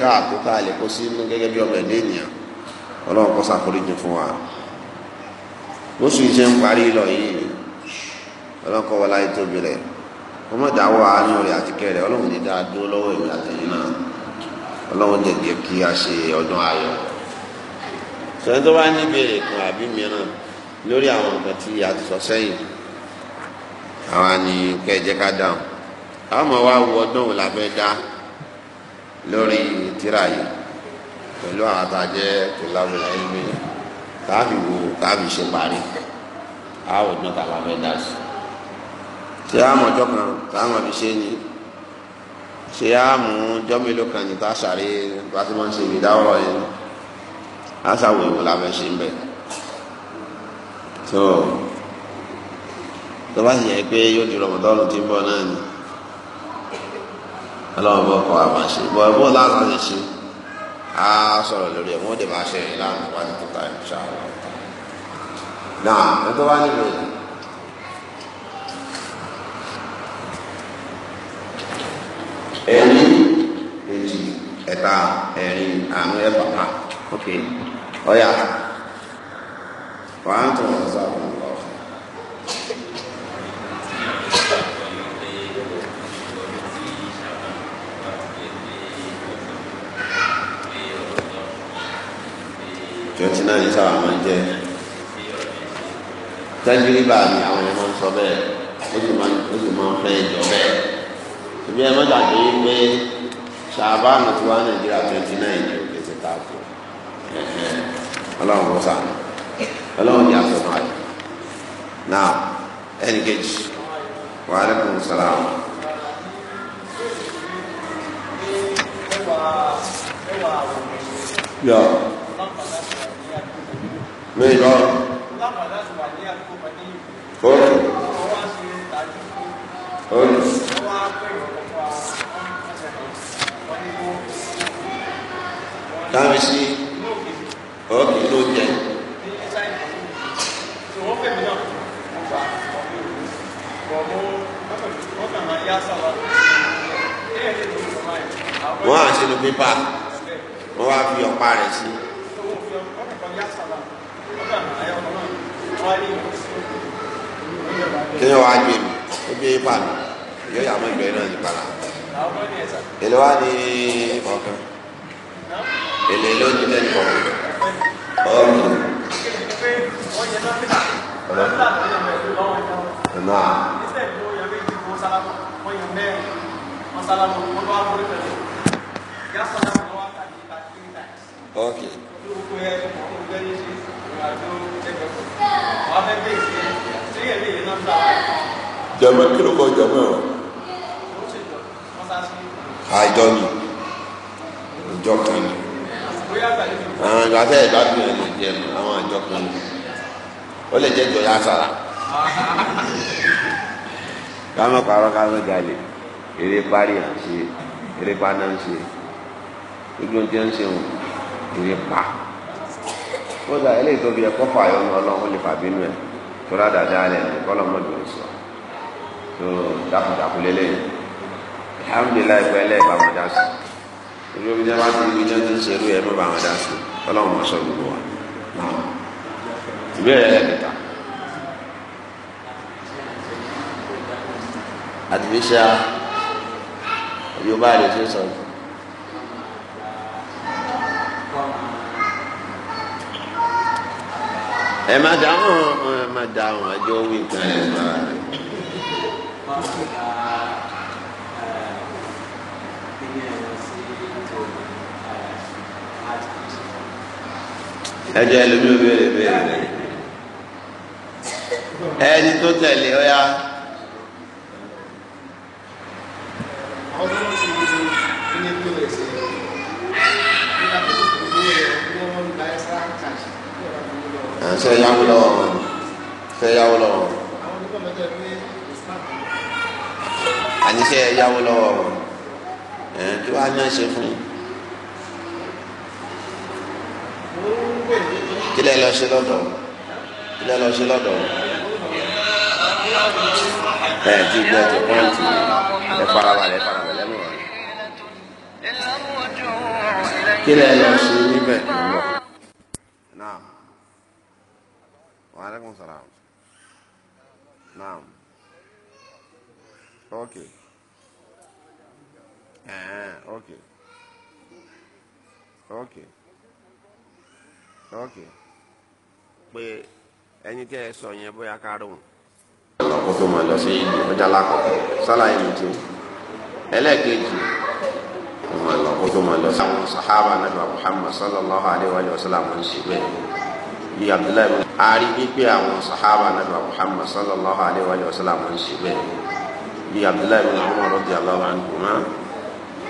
tẹ́lá tó tá a lè kó sínú gẹ́gẹ́ bí ọmọ ẹ̀dá ènìyàn ọlọ́run kó ṣàforíjì fún wa lóṣù iṣẹ́ ń parí lọ yìí ọlọ́run kó wọlé ayé tóbi rẹ̀ ọmọ ìdáwọ́ àánú rẹ̀ àti kẹrẹ̀ ọlọ́run ní dáa dúró lọ́wọ́ èmi àtẹ̀yìn náà ọlọ́run dẹ̀ jẹ́ kí a ṣe ọdún ayọ̀ sọ̀rọ̀ tó bá ní ìbéèrè kan àbí mìíràn lórí àwọn nǹkan tí a ti sọ sẹ́yìn àwa ni kẹ́ ẹ jẹ́ ká dáhùn àwọn ọmọ wa wo ọdún òun la dá lórí tírà yìí pẹ̀lú àwọn àtàjẹ́ tó lábẹ́lá ẹ̀mí káàbì wo káàbì ṣe parí àwọn ọdún tàbá fẹ́ dá sí. ṣé àmọ́ ọjọ́ kan táwọn fi ṣe ni ṣé àmọ́ ọjọ́ mélòó kan ní tásàrí bá ti máa ń ṣe ìdáwọ́rọ̀ yẹn lásàwọ̀ èèwọ̀ la fẹ́ ṣe ń bẹ̀. tó bá sì yẹ pé yóò di rọmọdọ́ọ̀nù tí ń bọ̀ náà ni ọlọ́run bọ́ kọ́ àmà ṣe bọ́ ẹ̀ bọ́ láàrín àti ṣe á sọ̀rọ̀ lórí ẹ̀ wọ́n dẹ̀ máa ṣe ìrìn láàmú wá ní kíkà ẹ̀ ṣá wọn. náà ẹ tó bá nílò ìlú. ẹni èjì ẹ̀ta ẹ̀rin àánú ẹ̀fà ọ̀yà wàá tó wọ́n sábà. twenty nine sábà máa ń jẹ́ tẹ́júríbà ni àwọn yẹn máa ń sọ bẹ́ẹ̀ ó sì máa ó sì máa ń fẹ́ jọ bẹ́ẹ̀ ìbí ẹ mọ́jà pé pé ṣàbánu tí wà nàìjíríà twenty nine ni òkè ti ta kù ọlọ́run kò sànù ọlọ́run ní àtọ̀nà rẹ̀ náà ẹnì kejì wa alaikum salaam. Yeah mi lọ. ok. ok. dábì ok ló jẹ. wọ́n á ṣe lu pépà wọ́n wá fi ọ̀pá rẹ̀ kéèyàn wá gbé mi ó gbé ipa mi yóò yà mọ ìgbẹ́ náà ní para èlé wá ní ọkàn èlé ló ní lẹ́nu kọ̀ọ̀kan ọ̀rùn. Okay jama kí ló kọ jama o àjọ ni ìjọ kan ni àwọn ìgbàsẹ ìgbàdùn ẹ lè jẹ àwọn àjọ kan ni ó lè jẹ jọ yasara kámọ kparọ kámọ jalè eré parí à ń ṣe eré paná ń ṣe ojú ọjọ́ ń ṣe wọn pa kódà eléyìí tó fi ẹ̀kọ́ fààyọ ní Ọlọ́run lè fà bínú ẹ tóra dáadáa lẹ ní kọlọ mọ ìdòwò sọ tó dákúdákú lélẹyìn alhamdulilayi pẹlẹ bàmọ dá sí irú omi jẹ máa ti ibi jẹ ti ń ṣerú ẹ mọ bàmọ dá sí Ọlọ́run mọ sọ gbogbo wa ìbéèrè ẹlẹkẹta. artificial yorùbá rẹ ti sọ yìí. ẹ má dá wọn ẹ má dá wọn àjọ wí nǹkan ẹ má. ẹ jẹ́ ẹlòmíràn béèrè béèrè rẹ̀ ẹni tó tẹ̀lé ọ yá. fẹ́ yáwó lọ́wọ́ wọn fẹ́ yáwó lọ́wọ́ wọn. àníṣe yáwó lọ́wọ́ wọn ẹ̀ kí wàá ní àṣẹ fún yín. kí lẹ́ lọ ṣe lọ́dọ̀ kí lẹ́ lọ ṣe lọ́dọ̀ ẹ̀ ti gbẹ́ ti pọ́ǹtì ẹ̀ farabalẹ̀ farabalẹ̀ mọ́ kí lẹ́ lọ ṣe níbẹ̀ lọ́wọ́. وعليكم السلام نعم اوكي اه اوكي اوكي اوكي pé ẹni tẹ́ ẹ sọ yẹn bóyá ká rò. ọkọ tó máa lọ sí ọjà lákọ̀ọ́kọ́ sálàyé mi ti ẹlẹ́ẹ̀kejì ọkọ tó máa lọ sí àwọn sàhábà nàbà Muhammad sallallahu alayhi wa bí abdullahi bin ari wípé àwọn sahaba anabi muhammad sallallahu alayhi wa sallam ń ṣe bẹ́ẹ̀ bí abdullahi bin umar radiyallahu anhuma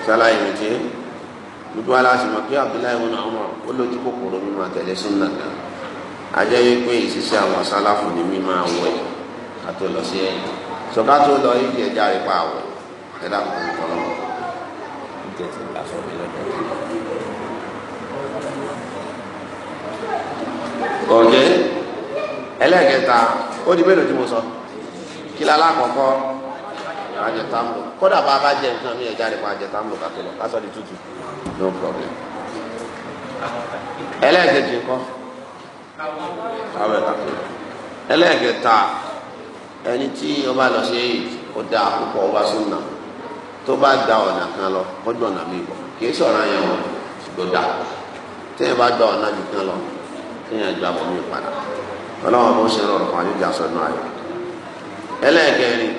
sálàyé mi tiẹ́ gbogbo aláṣẹ mọ̀ pé abdullahi bin umar ó lójú kòkòrò mímọ̀ tẹ̀lé sunna kan ajẹ́ wípé ìṣiṣẹ́ àwọn sálàfù ni mímọ̀ àwọ̀ ẹ̀ ká tó lọ sí ẹ̀ sọ̀ká tó lọ yìí kì pa àwọ̀ ẹ̀ dàpọ̀ nǹkan lọ́wọ́. ọ̀jẹ́ ẹlẹ́ẹ̀kẹta ó di mélòó tí mo sọ kí la lákọ̀ọ́kọ́ àjẹ tambo kódà bá a bá jẹ nǹkan mi no problem ẹlẹ́ẹ̀kejì kọ́ àwẹ̀ kátó lọ ẹlẹ́ẹ̀kẹta ẹni tí ọba lọ sí ó púpọ̀ ọba súnà tó da ọ̀nà kan lọ kọ́jú ọ̀nà mi bọ̀ kì í sọ̀rọ̀ àyẹ̀wò kéèyàn gba bọ̀ mí padà ọlọ́wọ́n bó ṣe rọrùn fún àjọjà sọdún ayọ̀ ẹlẹ́ẹ̀kẹrin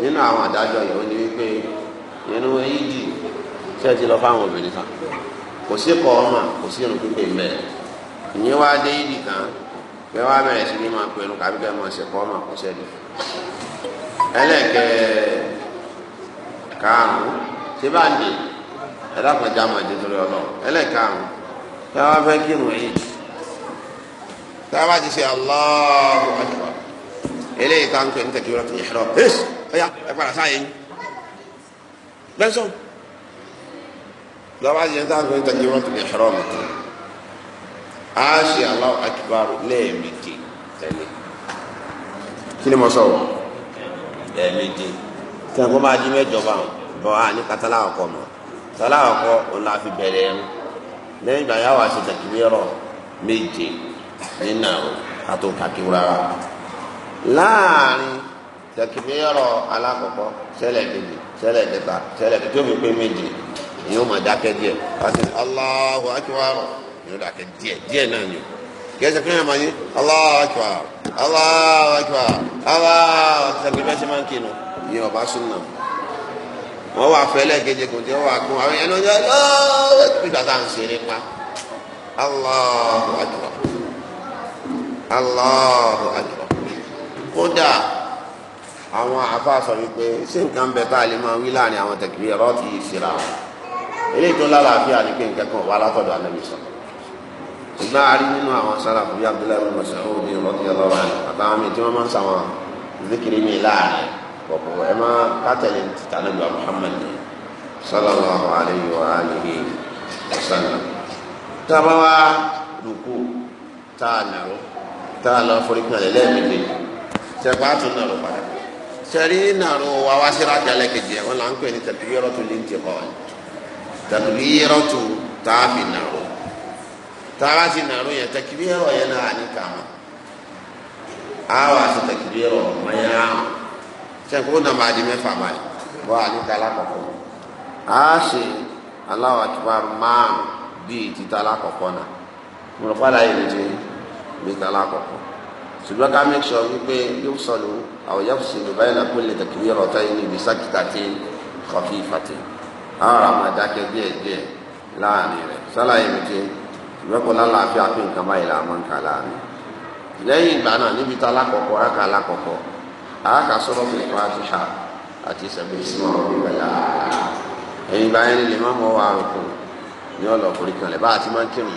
nínú àwọn àdájọ́ yìí ó ní wípé inú yídì tí ẹ ti lọ fáwọn obìnrin kan kò sí kọ ọmọ kò sí irun pípé ń bẹ ìyẹn wá dé yídì kan bẹ́ẹ̀ wá bẹ̀rẹ̀ sí ní máa pe irun kàbí kẹ́ máa ṣe kọ ọmọ kò sẹ́ni ẹlẹ́ẹ̀kẹ karùn ṣé bá ń dè ẹ̀dá kan já máa dé torí ọlọ́run wá fẹ́ kírun yìí táwa ti ṣe Allahu akbar eléyìí tá à ń pè ní tẹ̀kí rọ́ọ̀tì ìṣòro ẹ̀yà ẹ̀ padà sáyé yín bẹ́sọ̀ táwa ti ṣe tá à ń pè ní tẹ̀kí rọ́ọ̀tì ìṣòro mọ̀tò a ṣe Allahu akbar lẹ́ẹ̀mejì tẹ̀lé kí ni sọ wọ lẹ́ẹ̀mejì tí máa di mẹ́jọ báwọn bọ a ní katala ọkọ mọ katala ọkọ òun la fi bẹ̀rẹ̀ ẹnu ìgbà yà wá ṣe tẹkìlẹ rọ méje nínà àtòkàkìwúra wa láàrin tẹkìmíyọrọ alákọ̀ọ́kọ́ sẹlẹ̀ kejì sẹlẹ̀ kẹta sẹlẹ̀ kẹta tó fi pé méje ni yóò máa dákẹ́ díẹ̀ láti ní Allahu akbar yóò dákẹ́ díẹ̀ díẹ̀ náà ni o gẹ́sẹ̀ kí ni àmọ́ yín Allahu akbar Allahu akbar Allahu akbar kí bẹ́sẹ̀ máa ń kinu yìí ọba súnmọ́ wọ́n wà fẹ́lẹ́ keje kò tí wọ́n wà kún àwọn ẹni wọ́n jẹ́ ọ́ pípa tá à ń ṣeré pa Allahu akbar. Allahu akbar kódà àwọn afáàsọ wípé ṣé nǹkan bẹ tá a lè máa wí láàrin àwọn takbirati ìṣìra wọn eléyìí tó lálàáfíà ni pé nǹkan kan wà látọ̀dọ̀ Ànábì sọ ṣùgbọ́n a rí nínú àwọn sára fún bí Abdullahi bin Mas'ud bíi radiyallahu anhu àtàwọn míì tí wọ́n máa ń sàwọn zikiri mi láàrin kọ̀ọ̀kan ẹ máa kátẹ̀lé tànàbí Muhammad sallallahu alayhi wa alihi wa sallam tábàwá rúkú tá a nàró tá a lọ forí kan lẹ̀ lẹ́ẹ̀mejì sẹ́kọ̀ á tún nàró padà sẹ́rí nàró wa wá sí rájà lẹ́kẹ̀jì ẹ̀ wọ́n là ń pè ní tàbí yọrọ tó lé ní tìkọ́ ẹ̀ tàbí yọrọ tó tá a fi nàró tá a bá nàró yẹn tàbí yọrọ yẹn náà ní kàmá á wà sí tàbí yọrọ mọ́yá sẹ́kọ̀ ó nàmá di mẹ́fà báyìí bọ́ a ní kọ̀kọ́ á ṣe aláwọ̀ àtúbà máa bíi títa alákọ̀kọ́ náà mo gbèsè alákọ̀ọ́kọ́ ṣùgbọ́n ká make sure wípé yóò sọ̀lù àwọn yóò sì lù báyìí nàkó lè tẹ̀kìrì ọ̀rọ̀ tá yìí níbi sákìtà tí kọfí ìfàtì àwọn ará máa dákẹ́ díẹ̀ díẹ̀ láàrin rẹ̀ sálàyé mi ti ṣùgbọ́n kò lálàáfíà pé nǹkan báyìí là máa ń kà láàrin lẹ́yìn ìgbà náà níbi tá alákọ̀ọ́kọ́ ráka alákọ̀ọ́kọ́ àáka sọ̀rọ̀ fún ìfọ̀ àti ṣá àti ìṣẹ̀gbẹ́ ìsìnmọ̀ ìgbàlá ẹ̀yìn ìgbà yẹn ni lè má mọ̀ wá àrùkù ní ọ̀lọ́kùnrin kan lẹ̀ bá àti máa ń kírun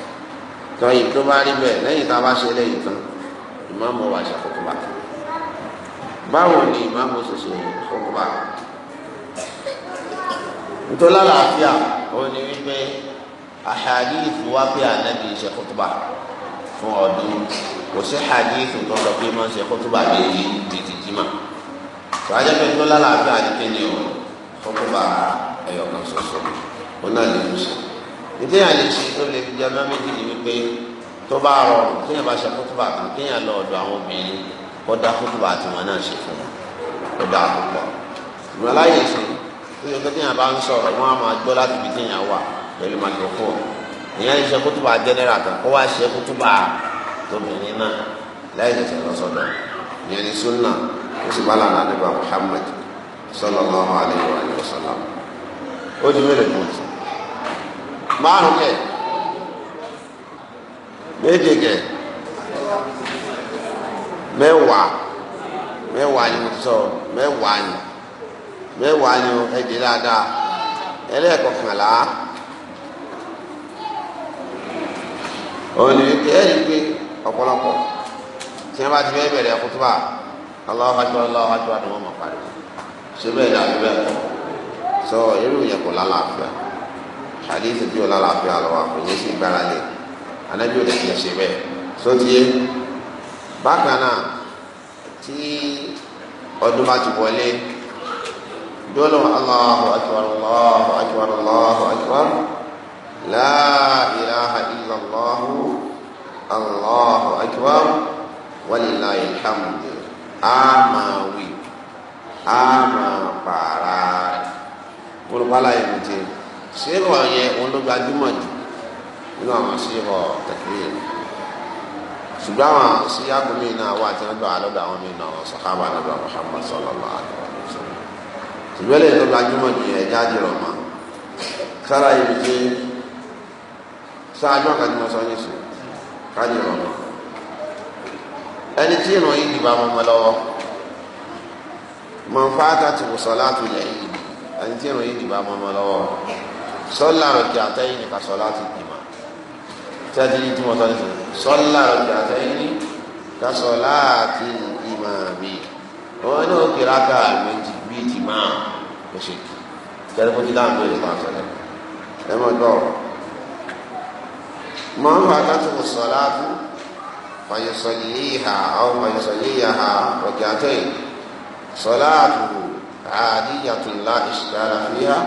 tọ́yìn tó bá rí bẹ́ẹ̀ lẹ́yìn tá a bá ṣe lẹ́yìn tán ìmáàmù wa ṣe kókóbá báwo ni ìmáàmù ṣe ṣe kókóbá ntọ́lálàáfíà òun ni wípé àhàdíìfù wá pé ànábì ṣe kókóbá fún ọdún kò sí àhàdíìfù tó lọ pé máa ṣe kókóbá méjì títí jimá tọ́jà pé ntọ́lálàáfíà ni kéde o kókóbá ẹ̀yọ̀kan ṣoṣo òun náà lè mú sọ ètò yẹn lè ṣe tó lè fi jẹ ọmọ méjì ní wípé tó bá rọrùn kéèyàn bá ṣe kótóbà kan kéèyàn lọ ọ̀dọ̀ àwọn obìnrin kó dá kótóbà tiwọn náà ṣe fún wọn kó dá púpọ̀ ìgbà láyè ṣe tó yẹ kéèyàn bá ń sọ̀rọ̀ wọn á máa gbọ́ láti ibi kéèyàn wà pẹ̀lú microphone ìyẹn ṣe kótóbà general kan kó wá ṣe kótóbà tóbìnrin náà láyè ṣe lọ́sọ̀dọ̀ ìyẹn ní sunna ó sì bá lànà àdébà Muhammad sallallahu alayhi wa márùn kẹ méje kẹ mẹ́wàá mẹ́wàá ni mo ti sọ mẹ́wàá ni mẹ́wàá ni ẹ jẹ dáadáa ẹlẹ́ẹ̀kọkànlá òní kẹ ẹ yìí pé ọ̀pọ̀lọpọ̀ tí wọ́n bá ti fẹ́ bẹ̀rẹ̀ kútúbà Allahu akbar Allahu akbar ni wọ́n mọ̀ pariwo ṣé bẹ́ẹ̀ dàbí bẹ́ẹ̀ kọ́ sọ irú yẹn kò lálàáfíà àdéhùn tí ọlá làáfíà lọ wà fún yín sí gbára lè anábì ò lè fi ṣe bẹ́ẹ̀ sótìyé bákan náà tí ọdún bá ti wọlé dole Allahu akbar Allahu akbar Allahu akbar la ilaha illa Allah Allahu akbar walilayi alhamdu amawi amapara olùkọ́ aláyé mi ti ṣéèrò yẹn òun ló gbajúmọ̀ jù nínú àwọn ṣéèrò tẹkíyè ṣùgbọ́n àwọn síyáàkú mi náà wà tí wọ́n gbà lọ́dọ̀ àwọn mi náà wọ́n sàkábà lọ́dọ̀ Muhammad sallallahu alaihi wa sallam ṣùgbọ́n lè tó gbajúmọ̀ jù yẹn jáde rọ̀ mọ́ sára ibi tí sáájú àkàtúmọ̀ sọ ní sùn káàdì rọ̀ mọ́ ẹni tí ìrùn yìí dìbò àwọn ọmọ lọ́wọ́ mọ̀ nfa tàtùwò sọ látùlẹ̀ yìí ẹni tí ìrùn yìí dìbò àwọn ọmọ lọ́wọ́ sọ́lá rọ̀jì àtẹ́yìn ní kasọ̀ láti ìgbìmọ̀ tí a ti ní tí mo sọ nítorí sọ́lá rọ̀jì àtẹ́yìn ní kasọ̀ láti ìgbìmọ̀ mi wọn ní òkè rákà méjì bíi ti máa ń ṣe kẹrẹ fún dídá àgbẹ̀rẹ̀ kan sọ̀rọ̀ ẹ mọ̀ gbọ́ mọ̀ ń fàtà tó kò sọ̀ láàbù fàyẹ̀sọ̀lìyà àwọn fàyẹ̀sọ̀lìyà rọ̀jì àtẹ́yìn sọ̀láàbù àdíyàtúndà ìṣìkára fìyà.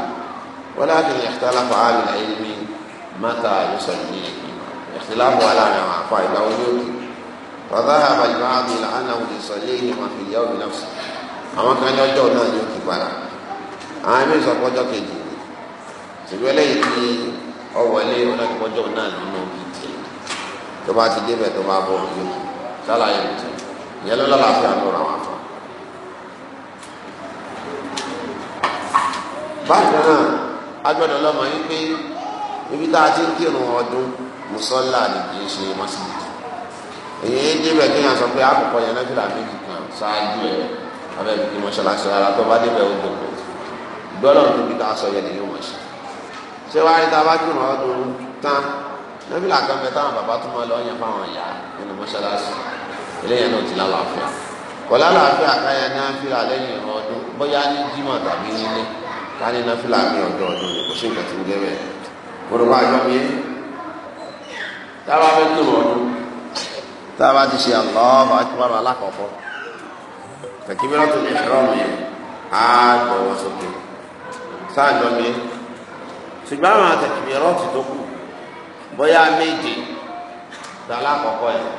ولكن يختلف أهل العلم متى يصلي اختلاف على عفا إلى وجود فذهب البعض إلى أنه ما في اليوم نفسه أما كان يوجد أن يوكي فلا أمي سأقول كجي سيقول لي أولي هناك وجه نال منهم tó bá ti débẹ̀ tó bá bọ̀ ọ̀hún sálàyé nìtì ìyẹn ló lálàáfíà agbọ́dọ̀ lọ́mọ yín pé ibi tá a ti ń kírun ọdún mùsọ́lá ni kì í ṣe mọ́sídìí èyí ń débẹ̀ kí yàn sọ pé àkọ́kọ́ yẹn náà fìlà méjì kan ṣáájú ẹ̀ abẹ́bí kí mọ́ṣáláṣí rárá tó bá débẹ̀ ó dòkó gbọ́dọ̀ níbi tá a sọ yẹn ni yóò mọ̀ ṣe ṣé wàá rí tá a bá kírun ọdún bẹ táwọn bàbá tó máa lọ yẹn fáwọn ìyá nínú mọ́ṣáláṣí eléyẹn náà ti lálàáfíà kọ̀lá làáfíà káyà náà fìlà lẹ́yìn ọdún bóyá ní jímọ̀ tàbí nílé ká ní náfìlà mi ọ̀dọ̀ ọ̀dọ̀ ni kò sí nǹkan tí ń jẹ́ bẹ́ẹ̀ gbọdọ̀gbọ́ àjọ mi yé táwa fẹ́ tó wọ̀ ọdún táwa ti ṣe Allahu Akbar alákọ̀ọ́kọ́ kàkíbẹ́rẹ́ tó ní ìṣòro mi á gbọ̀wọ́ sókè sáàjọ mi ṣùgbọ́n àwọn àtẹ̀kìbẹ́rẹ́ ọ̀tì tó kù bóyá méje tala kọkọ yẹ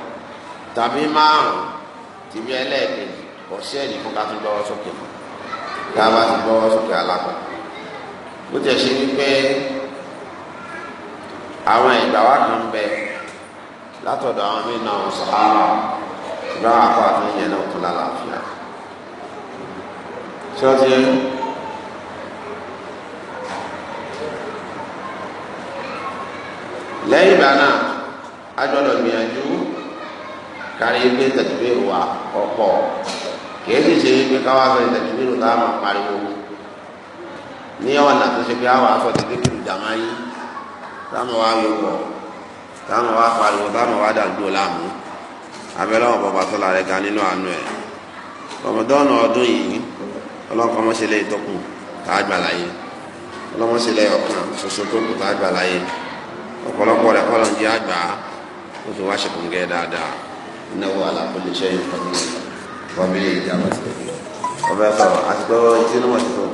tàbí márùn tìbí ẹlẹ́ẹ̀kejì kò sí ẹ̀dínkù ká tún gbọ́wọ́ sókè fún tá a bá ti gbọ́ sókè alákọ̀ bó tiẹ̀ ṣe wípé àwọn ìgbà wa kan bẹ látọ̀dọ̀ àwọn mí náà sọ̀rọ̀ ìgbà ah, wa kọ́ àfihàn náà tó lálàáfíà ṣé wọ́n lẹ́yìn ìgbà náà a gbọ́dọ̀ gbìyànjú kárí pé tẹ̀síwé wà ọ̀pọ̀ kìí sì ṣe pé káwá sọ ìtẹ̀jú nínú táwọn máa pariwo ní ọ̀nà tó ṣe pé àwọn aṣọ ti dé kìlù jàmá yín táwọn wá yọ pọ̀ táwọn wá pariwo táwọn wá dàgbò láàmú abẹ́lẹ́wọ̀n bọ́ba sọ́la rẹ̀ ga nínú àánú ẹ̀ ọmọdọ́nà ọdún yìí ọlọ́kọ́ mọ́ṣẹ́lẹ̀ ìtọ́kù tá a gbà láyé ọlọ́mọṣẹ́lẹ̀ ọkàn ṣoṣo tó kù tá a gbà láyé ọ̀pọ̀lọpọ̀ rẹ̀ kọ́ ló àgbà ó fi wá ṣe dáadáa ìnáwó àlàkùn lè ṣe é ìlú wọn bí èyí àwọn ti tẹ̀lé wọn bẹ sọ̀rọ̀ àti pé wọn ti ní wọn ti tó.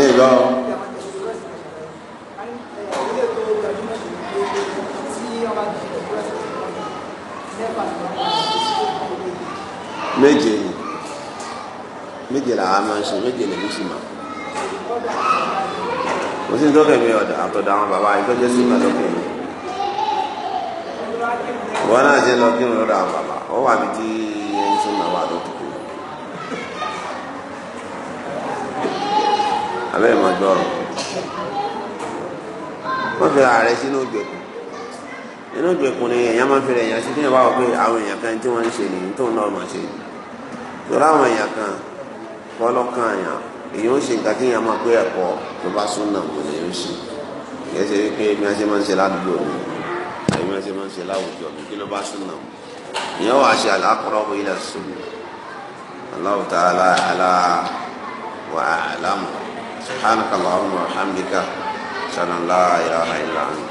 ee lọ. méje méje làwọn máa ń ṣe méje lè mú sí màá kò sí nítorí mi ọ̀dà àtọ̀dà àwọn bàbá yìí tó jẹ́ súnmọ́ lókè mi wọn náà ṣe lọ kírun lọ́dọ̀ àwọn bàbá ó wà bí tí ẹni súnmọ́ wà tó kù. abẹ́ ìmọ̀ gbọ́rọ̀ wọ́n fi ààrẹ sínú ìgbèkùn inú ìgbèkùn ni èèyàn máa ń fi rẹ̀ yàn sí kí èèyàn pé àwọn èèyàn kan tí wọ́n ń ṣe nìyí tóun náà máa ṣe nìyí. lọ́la àwọn èèyàn kan kọ́ lọ́kàn èyí ó ṣe nǹkan kí èèyàn máa pé ẹ̀kọ́ ló bá súnà kò ní í ṣe kìí ṣe wípé mi á ṣe máa ń ṣe ládùúgbò mi àyè mi á máa ń ṣe láwùjọ mi kí ló bá súnà mu ìyẹn wàá ṣe alákọ̀ọ́bù ilẹ̀ sùn Allahu ta'ala ala wa a'lam subhanaka Allahumma wa hamdika sanala ilaha illa anta.